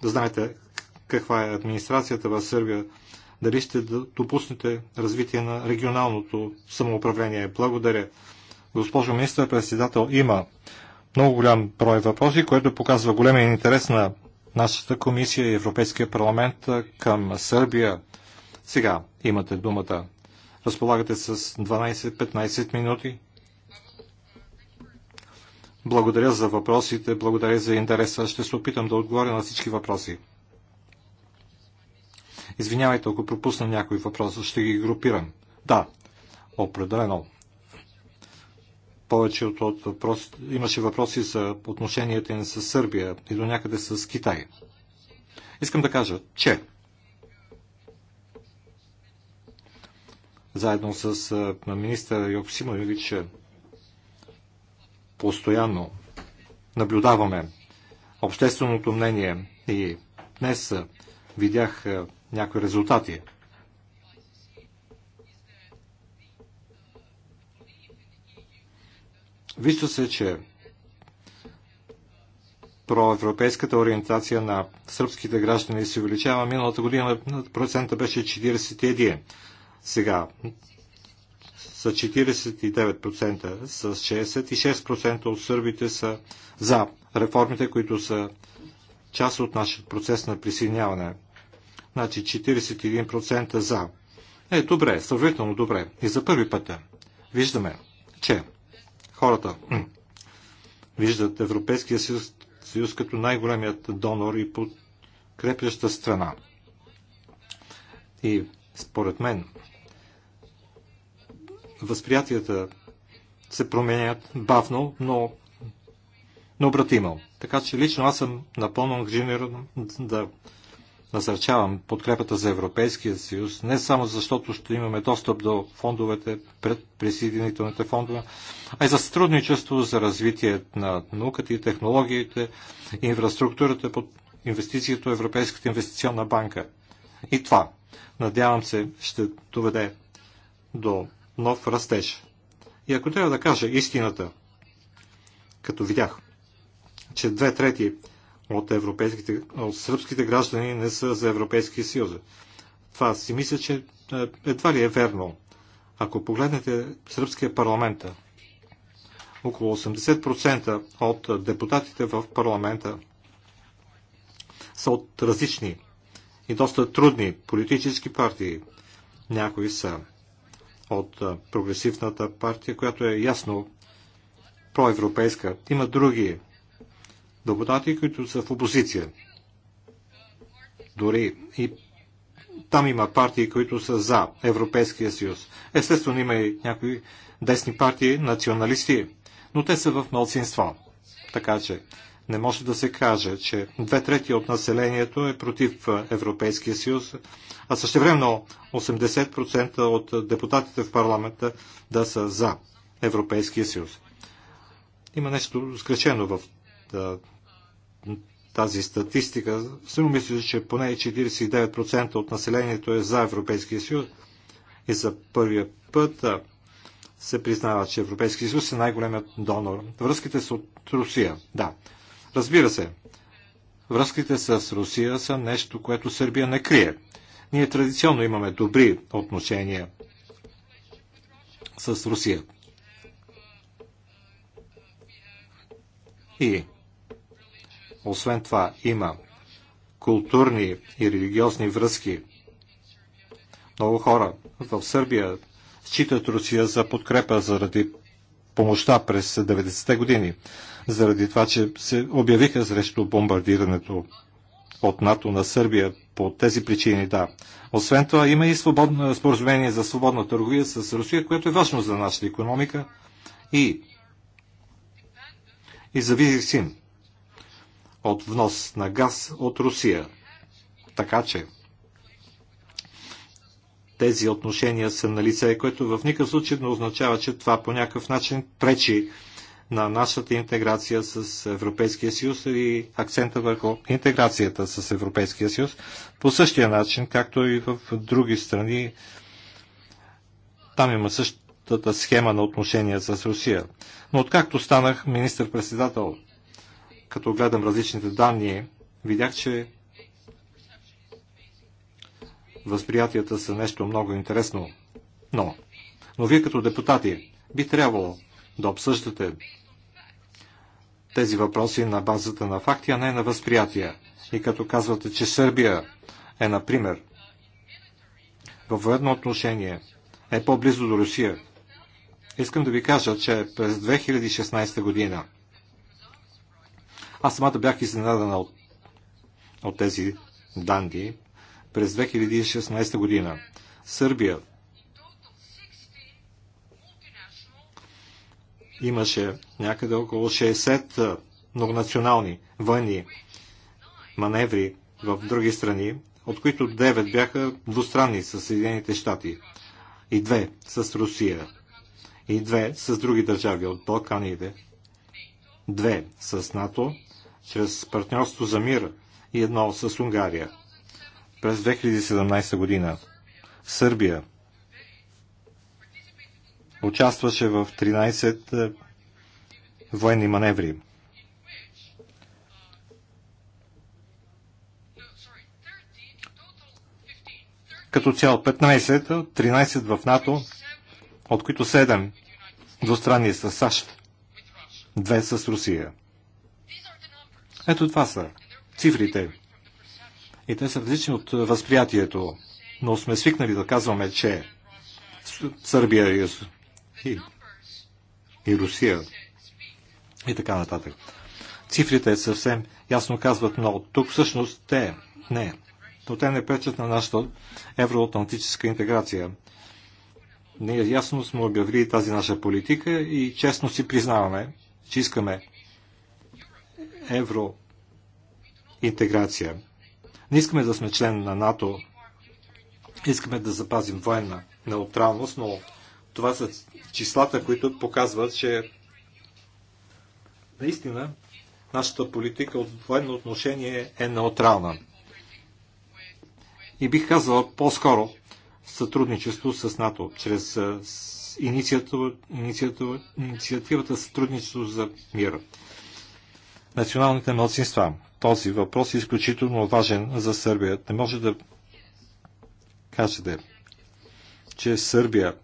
знаете каква е администрацията в Сърбия, дали ще допуснете развитие на регионалното самоуправление. Благодаря. Госпожо министър-председател, има много голям брой въпроси, което показва големия интерес на нашата комисия и Европейския парламент към Сърбия. Сега имате думата. Разполагате с 12-15 минути. Благодаря за въпросите, благодаря за интереса. Ще се опитам да отговоря на всички въпроси. Извинявайте, ако пропусна някой въпрос, ще ги групирам. Да, определено. Повече от, от въпрос... имаше въпроси за отношенията ни с Сърбия и до някъде с Китай. Искам да кажа, че заедно с министър Йоксимович постоянно наблюдаваме общественото мнение и днес видях някои резултати. Вижда се, че проевропейската ориентация на сръбските граждани се увеличава. Миналата година процента беше 41. Сега са 49%, с 66% от сърбите са за реформите, които са част от нашия процес на присъединяване. Значи 41% за. Е, добре, сравнително добре. И за първи път е. виждаме, че хората виждат Европейския съюз, съюз като най-големият донор и подкрепяща страна. И според мен възприятията се променят бавно, но необратимо. Така че лично аз съм напълно ангажиран да Насърчавам подкрепата за Европейския съюз, не само защото ще имаме достъп до фондовете, пред присъединителните фондове, а и за сътрудничество за развитие на науката и технологиите, инфраструктурата под инвестицията Европейската инвестиционна банка. И това, надявам се, ще доведе до нов растеж. И ако трябва да кажа истината, като видях, че две трети от, европейските, от сръбските граждани не са за Европейския съюз. Това си мисля, че е, едва ли е верно. Ако погледнете сръбския парламент, около 80% от депутатите в парламента са от различни и доста трудни политически партии. Някои са от е, прогресивната партия, която е ясно проевропейска. Има други депутати, които са в опозиция. Дори и там има партии, които са за Европейския съюз. Естествено има и някои десни партии, националисти, но те са в малцинство. Така че не може да се каже, че две трети от населението е против Европейския съюз, а същевременно 80% от депутатите в парламента да са за Европейския съюз. Има нещо скречено в тази статистика. съм мисля, че поне 49% от населението е за Европейския съюз и за първия път се признава, че Европейския съюз е най-големият донор. Връзките са от Русия, да. Разбира се, връзките с Русия са нещо, което Сърбия не крие. Ние традиционно имаме добри отношения с Русия. И освен това има културни и религиозни връзки. Много хора в Сърбия считат Русия за подкрепа заради помощта през 90-те години, заради това, че се обявиха срещу бомбардирането от НАТО на Сърбия по тези причини, да. Освен това, има и свободно, споразумение за свободна търговия с Русия, което е важно за нашата економика и и за син от внос на газ от Русия. Така че тези отношения са на лице, което в никакъв случай не означава, че това по някакъв начин пречи на нашата интеграция с Европейския съюз и акцента върху интеграцията с Европейския съюз по същия начин, както и в други страни. Там има същата схема на отношения с Русия. Но откакто станах министър-председател като гледам различните данни, видях, че възприятията са нещо много интересно. Но, но вие като депутати би трябвало да обсъждате тези въпроси на базата на факти, а не на възприятия. И като казвате, че Сърбия е, например, във военно отношение е по-близо до Русия, искам да ви кажа, че през 2016 година аз самата бях изненадана от, от тези данни през 2016 година. Сърбия имаше някъде около 60 многонационални военни маневри в други страни, от които 9 бяха двустранни с Съединените щати и 2 с Русия и 2 с други държави от Балканите, 2 с НАТО чрез партньорство за мир и едно с Унгария. През 2017 година Сърбия участваше в 13 е, военни маневри. Като цяло 15, 13 е, в НАТО, от които 7 двустранни с САЩ, 2 с Русия. Ето това са цифрите. И те са различни от възприятието. Но сме свикнали да казваме, че Сърбия и, и Русия и така нататък. Цифрите съвсем ясно казват но Тук всъщност те не. Но те не пречат на нашата евроатлантическа интеграция. Ние ясно сме обявили тази наша политика и честно си признаваме, че искаме евроинтеграция. Не искаме да сме член на НАТО, искаме да запазим военна неутралност, но това са числата, които показват, че наистина нашата политика от военно отношение е неутрална. И бих казал по-скоро сътрудничество с НАТО, чрез инициативата, инициативата сътрудничество за мира националните младсинства. Този въпрос е изключително важен за Сърбия. Не може да кажете, че Сърбия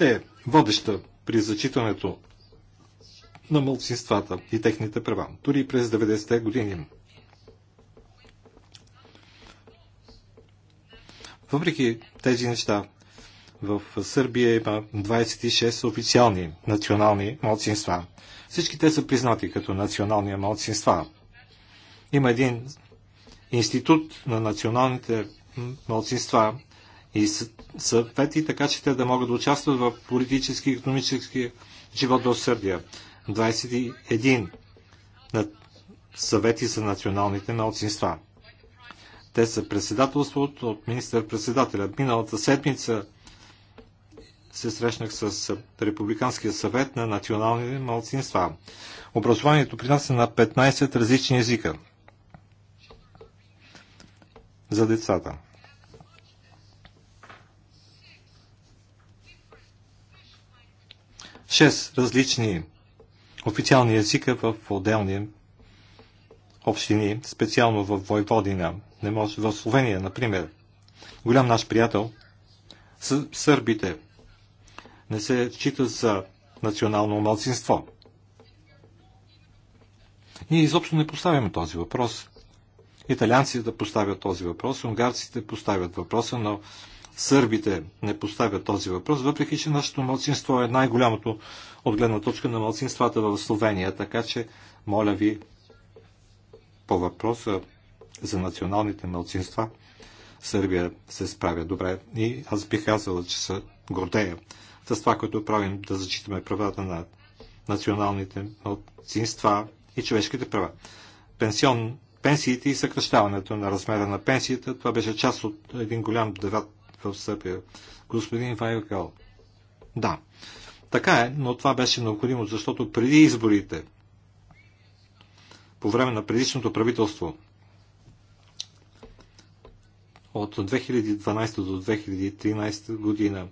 е водеща при зачитането на младсинствата и техните права, дори през 90-те години. Въпреки тези неща, в Сърбия има 26 официални национални младсинства. Всички те са признати като национални младсинства. Има един институт на националните младсинства и съвети, така че те да могат да участват в политически и економически живот в Сърбия. 21 на съвети за националните младсинства. Те са председателството от министър-председателя. Миналата седмица се срещнах с Републиканския съвет на национални малцинства. Образованието при нас е на 15 различни езика за децата. Шест различни официални езика в отделни общини, специално в Войводина, не може, в Словения, например. Голям наш приятел, сърбите не се счита за национално малцинство. Ние изобщо не поставяме този въпрос. Италианците поставят този въпрос, унгарците поставят въпроса, но сърбите не поставят този въпрос, въпреки че нашето малцинство е най-голямото от гледна точка на малцинствата в Словения. Така че, моля ви, по въпроса за националните малцинства, Сърбия се справя добре и аз бих казала, че се гордея с това, което правим да зачитаме правата на националните младсинства и човешките права. Пенсион, пенсиите и съкръщаването на размера на пенсията, това беше част от един голям дебат в Сърбия. Господин Вайокал. Да, така е, но това беше необходимо, защото преди изборите, по време на предишното правителство, от 2012 до 2013 година,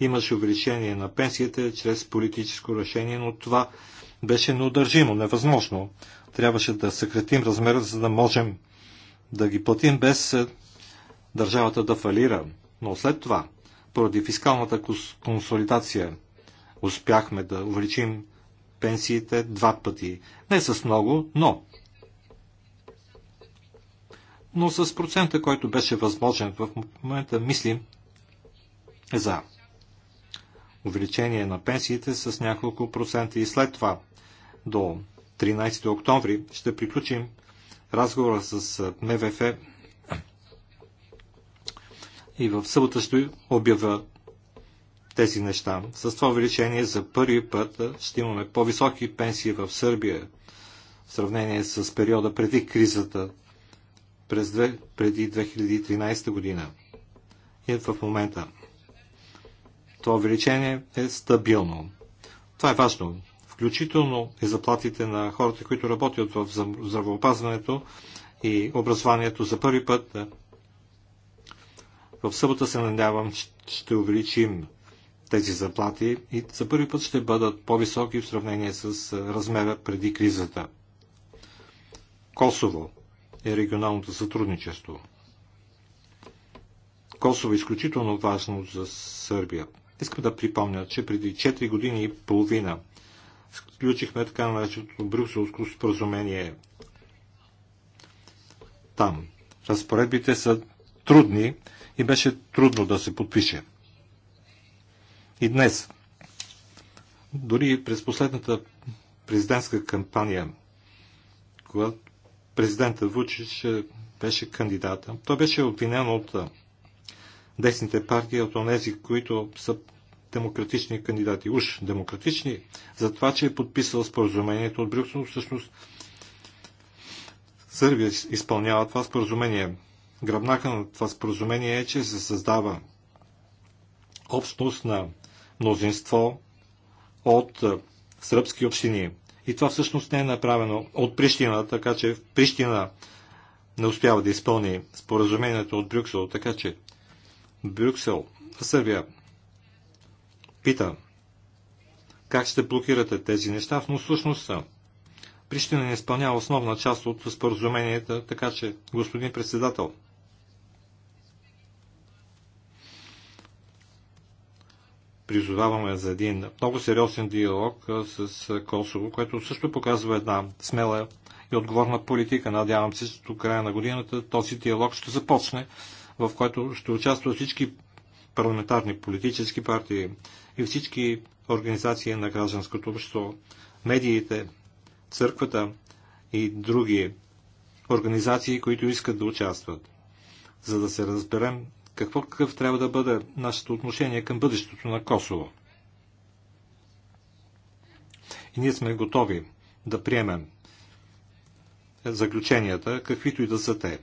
Имаше увеличение на пенсиите чрез политическо решение, но това беше неудържимо, невъзможно. Трябваше да съкратим размера, за да можем да ги платим без е, държавата да фалира. Но след това, поради фискалната консолидация, успяхме да увеличим пенсиите два пъти. Не с много, но но с процента, който беше възможен в момента, мислим е за увеличение на пенсиите с няколко процента и след това до 13 октомври ще приключим разговора с МВФ и в събота ще обявя тези неща. С това увеличение за първи път ще имаме по-високи пенсии в Сърбия в сравнение с периода преди кризата през две, преди 2013 година и в момента това увеличение е стабилно. Това е важно. Включително и заплатите на хората, които работят в здравеопазването и образованието за първи път. В събота се надявам, ще увеличим тези заплати и за първи път ще бъдат по-високи в сравнение с размера преди кризата. Косово е регионалното сътрудничество. Косово е изключително важно за Сърбия. Искам да припомня, че преди 4 години и половина сключихме така нареченото Брюкселско споразумение. Там разпоредбите са трудни и беше трудно да се подпише. И днес, дори през последната президентска кампания, когато президента Вучич беше кандидата, той беше обвинен от десните партии от онези, които са демократични кандидати, уж демократични, за това, че е подписал споразумението от Брюксел, всъщност Сърбия изпълнява това споразумение. Гръбнака на това споразумение е, че се създава общност на мнозинство от е, сръбски общини. И това всъщност не е направено от Прищина, така че Прищина не успява да изпълни споразумението от Брюксел, така че Брюксел, Сърбия. Пита, как ще блокирате тези неща, но всъщност Прищина не изпълнява основна част от споразуменията, така че, господин председател, призоваваме за един много сериозен диалог с Косово, което също показва една смела и отговорна политика. Надявам се, че до края на годината този диалог ще започне в който ще участват всички парламентарни политически партии и всички организации на гражданското общество, медиите, църквата и други организации, които искат да участват, за да се разберем какво какъв трябва да бъде нашето отношение към бъдещето на Косово. И ние сме готови да приемем заключенията, каквито и да са те.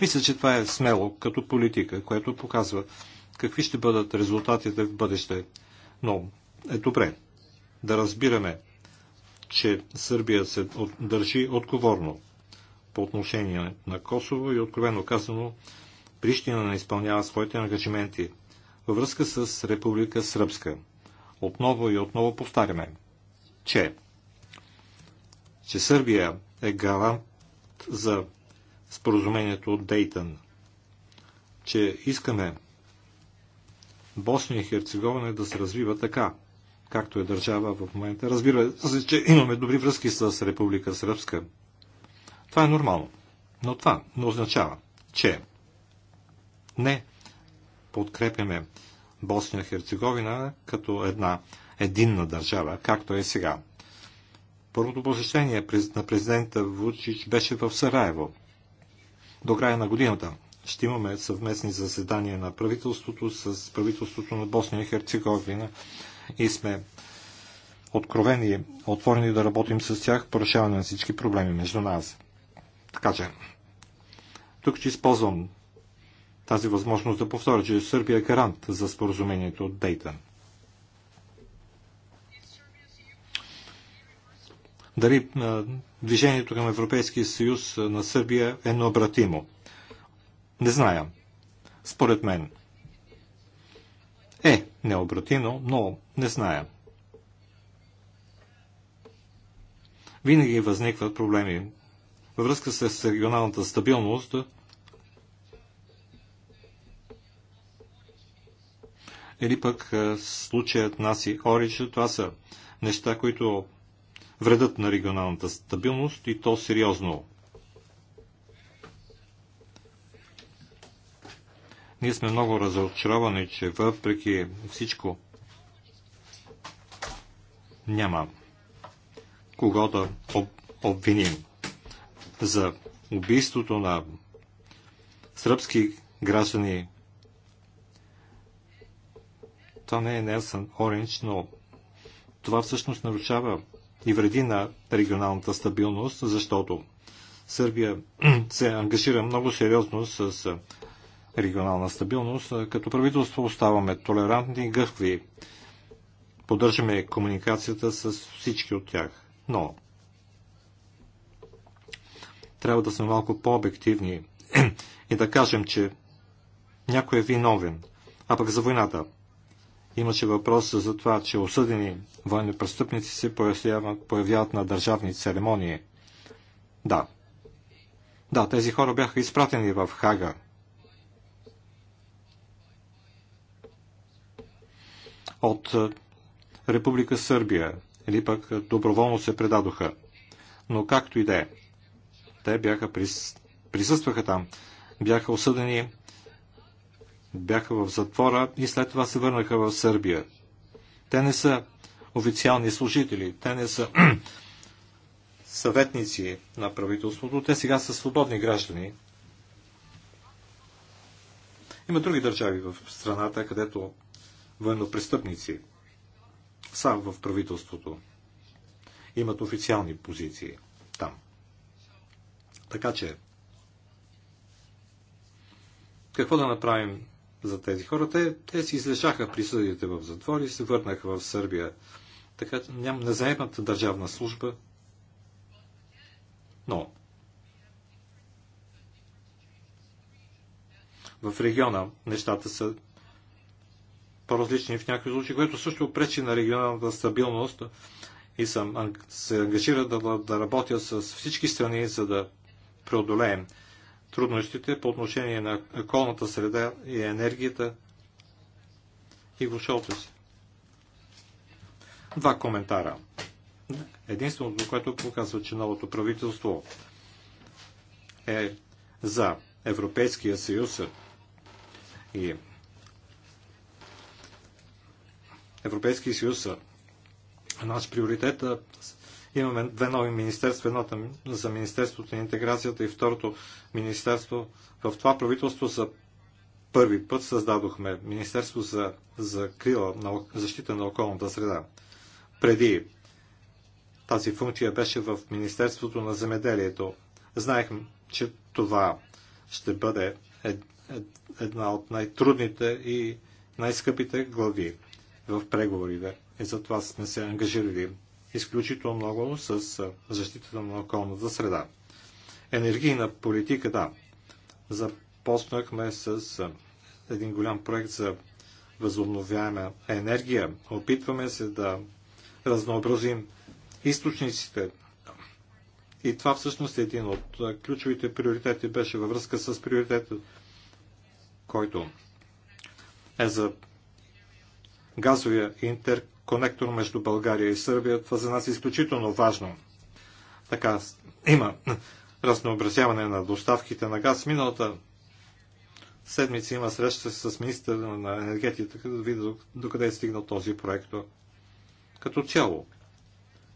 Мисля, че това е смело като политика, което показва какви ще бъдат резултатите в бъдеще. Но е добре да разбираме, че Сърбия се държи отговорно по отношение на Косово и откровено казано Прищина не изпълнява своите ангажименти във връзка с Република Сръбска. Отново и отново повтаряме, че, че Сърбия е гарант за споразумението от Дейтън, че искаме Босния и Херцеговина да се развива така, както е държава в момента. Разбира се, че имаме добри връзки с Република Сръбска. Това е нормално. Но това не означава, че не подкрепяме Босния и Херцеговина като една единна държава, както е сега. Първото посещение на президента Вучич беше в Сараево до края на годината. Ще имаме съвместни заседания на правителството с правителството на Босния и Херцеговина и сме откровени и отворени да работим с тях по решаване на всички проблеми между нас. Така че, тук ще използвам тази възможност да повторя, че Сърбия е гарант за споразумението от Дейтън. Дали движението към Европейския съюз на Сърбия е необратимо. Не зная. Според мен. Е необратимо, но не зная. Винаги възникват проблеми във връзка с регионалната стабилност. Или пък случаят Наси Орич, това са неща, които вредът на регионалната стабилност и то сериозно. Ние сме много разочаровани, че въпреки всичко няма кого да обвиним за убийството на сръбски граждани. Това не е Нелсън Оренч, но това всъщност нарушава и вреди на регионалната стабилност, защото Сърбия се ангажира много сериозно с регионална стабилност. Като правителство оставаме толерантни и гъвкви. Поддържаме комуникацията с всички от тях. Но трябва да сме малко по-обективни и да кажем, че някой е виновен. А пък за войната. Имаше въпрос за това, че осъдени военни престъпници се появяват, появяват на държавни церемонии. Да. Да, тези хора бяха изпратени в Хага. От е, Република Сърбия или пък е, доброволно се предадоха. Но както и да е, те бяха присъстваха там, бяха осъдени бяха в затвора и след това се върнаха в Сърбия. Те не са официални служители, те не са съветници на правителството, те сега са свободни граждани. Има други държави в страната, където военнопрестъпници са в правителството. Имат официални позиции там. Така че, какво да направим за тези хора. Те, те си излежаха присъдите в затвор и се върнаха в Сърбия. Така че ням, не заемат държавна служба. Но в региона нещата са по-различни в някои случаи, което също пречи на регионалната стабилност и съм се ангажира да, да работя с всички страни, за да преодолеем трудностите по отношение на околната среда и енергията и гушолта си. Два коментара. Единственото, което показва, че новото правителство е за Европейския съюз и Европейския съюз наш приоритет Имаме две нови министерства, едното за Министерството на интеграцията и второто министерство. В това правителство за първи път създадохме Министерство за, за крила на защита на околната среда. Преди тази функция беше в Министерството на земеделието. Знаехме, че това ще бъде една от най-трудните и най-скъпите глави в преговорите. И затова сме се ангажирали изключително много с защитата на околната среда. Енергийна политика, да. Започнахме с един голям проект за възобновяема енергия. Опитваме се да разнообразим източниците. И това всъщност е един от ключовите приоритети беше във връзка с приоритета, който е за газовия интерк конектор между България и Сърбия, това за нас е изключително важно. Така, има разнообразяване на доставките на газ. Миналата седмица има среща с министър на енергетиката, да видя докъде е стигнал този проект. Като цяло,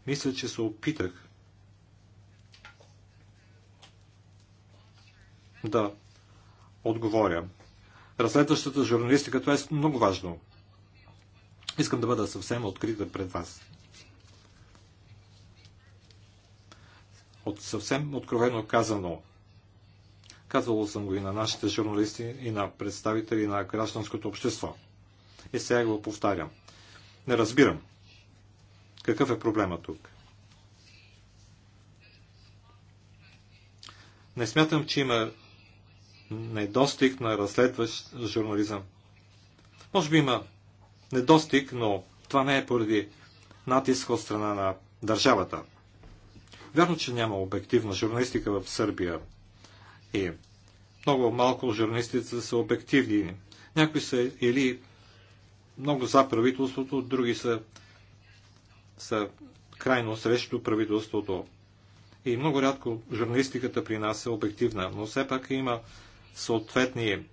мисля, че се опитах да отговоря. Разследващата журналистика, това е много важно. Искам да бъда съвсем открита пред вас. От съвсем откровено казано, казвало съм го и на нашите журналисти, и на представители на гражданското общество. И сега го повтарям. Не разбирам. Какъв е проблема тук? Не смятам, че има недостиг на разследващ журнализъм. Може би има недостиг, но това не е поради натиск от страна на държавата. Вярно, че няма обективна журналистика в Сърбия и много малко журналистите са обективни. Някои са или много за правителството, други са, са крайно срещу правителството. И много рядко журналистиката при нас е обективна, но все пак има съответни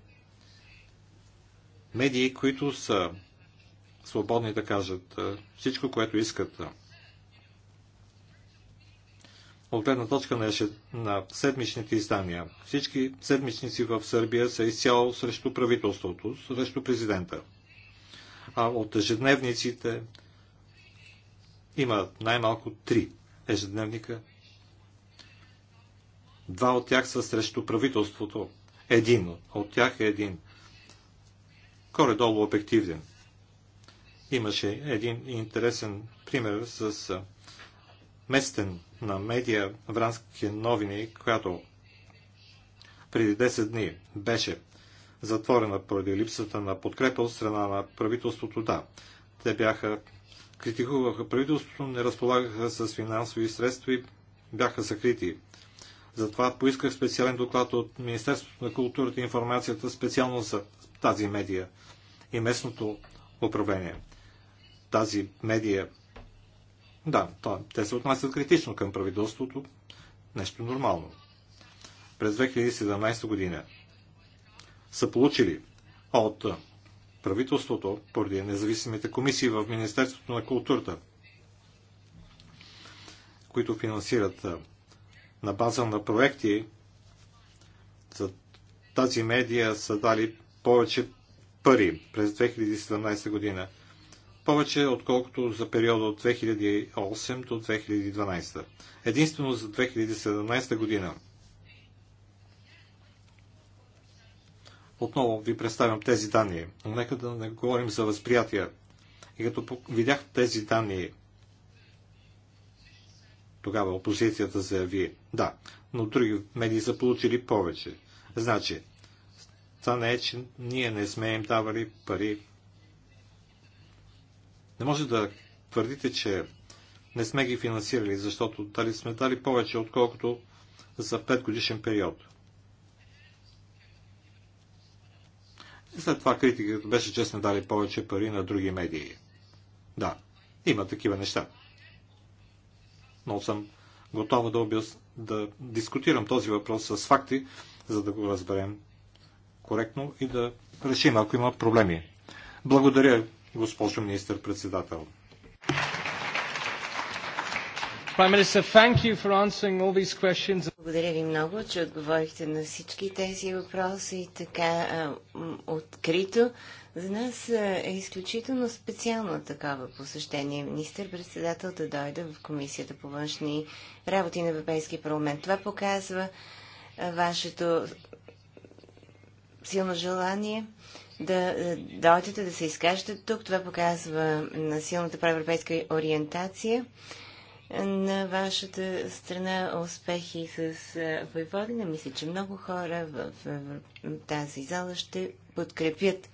медии, които са свободни да кажат всичко, което искат. От гледна точка на, на седмичните издания. Всички седмичници в Сърбия са изцяло срещу правителството, срещу президента. А от ежедневниците има най-малко три ежедневника. Два от тях са срещу правителството. Един от тях е един. Коре-долу обективен. Имаше един интересен пример с местен на медия Врански новини, която преди 10 дни беше затворена поради липсата на подкрепа от страна на правителството. Да, те бяха критикуваха правителството, не разполагаха с финансови средства и бяха закрити. Затова поисках специален доклад от Министерството на културата и информацията специално за тази медия и местното управление тази медия. Да, те се отнасят критично към правителството. Нещо нормално. През 2017 година са получили от правителството, поради независимите комисии в Министерството на културата, които финансират на база на проекти за тази медия са дали повече пари през 2017 година – повече отколкото за периода от 2008 до 2012. Единствено за 2017 година. Отново ви представям тези данни, но нека да не говорим за възприятия. И като видях тези данни, тогава опозицията заяви, да, но други медии са получили повече. Значи, това не е, че ние не сме им давали пари, не може да твърдите, че не сме ги финансирали, защото дали сме дали повече, отколкото за 5 годишен период. И след това критиката беше, че сме дали повече пари на други медии. Да, има такива неща. Но съм готова да, обяс... да дискутирам този въпрос с факти, за да го разберем коректно и да решим, ако има проблеми. Благодаря госпожо министър-председател. Благодаря ви много, че отговорихте на всички тези въпроси така а, открито. За нас е изключително специално такова посещение. Министър-председател да дойде в Комисията по външни работи на Европейския парламент. Това показва а, вашето силно желание да е, дойдете да се изкажете тук. Това показва на силната проевропейска ориентация на вашата страна успехи с е, Войводина. Мисля, че много хора в тази зала ще подкрепят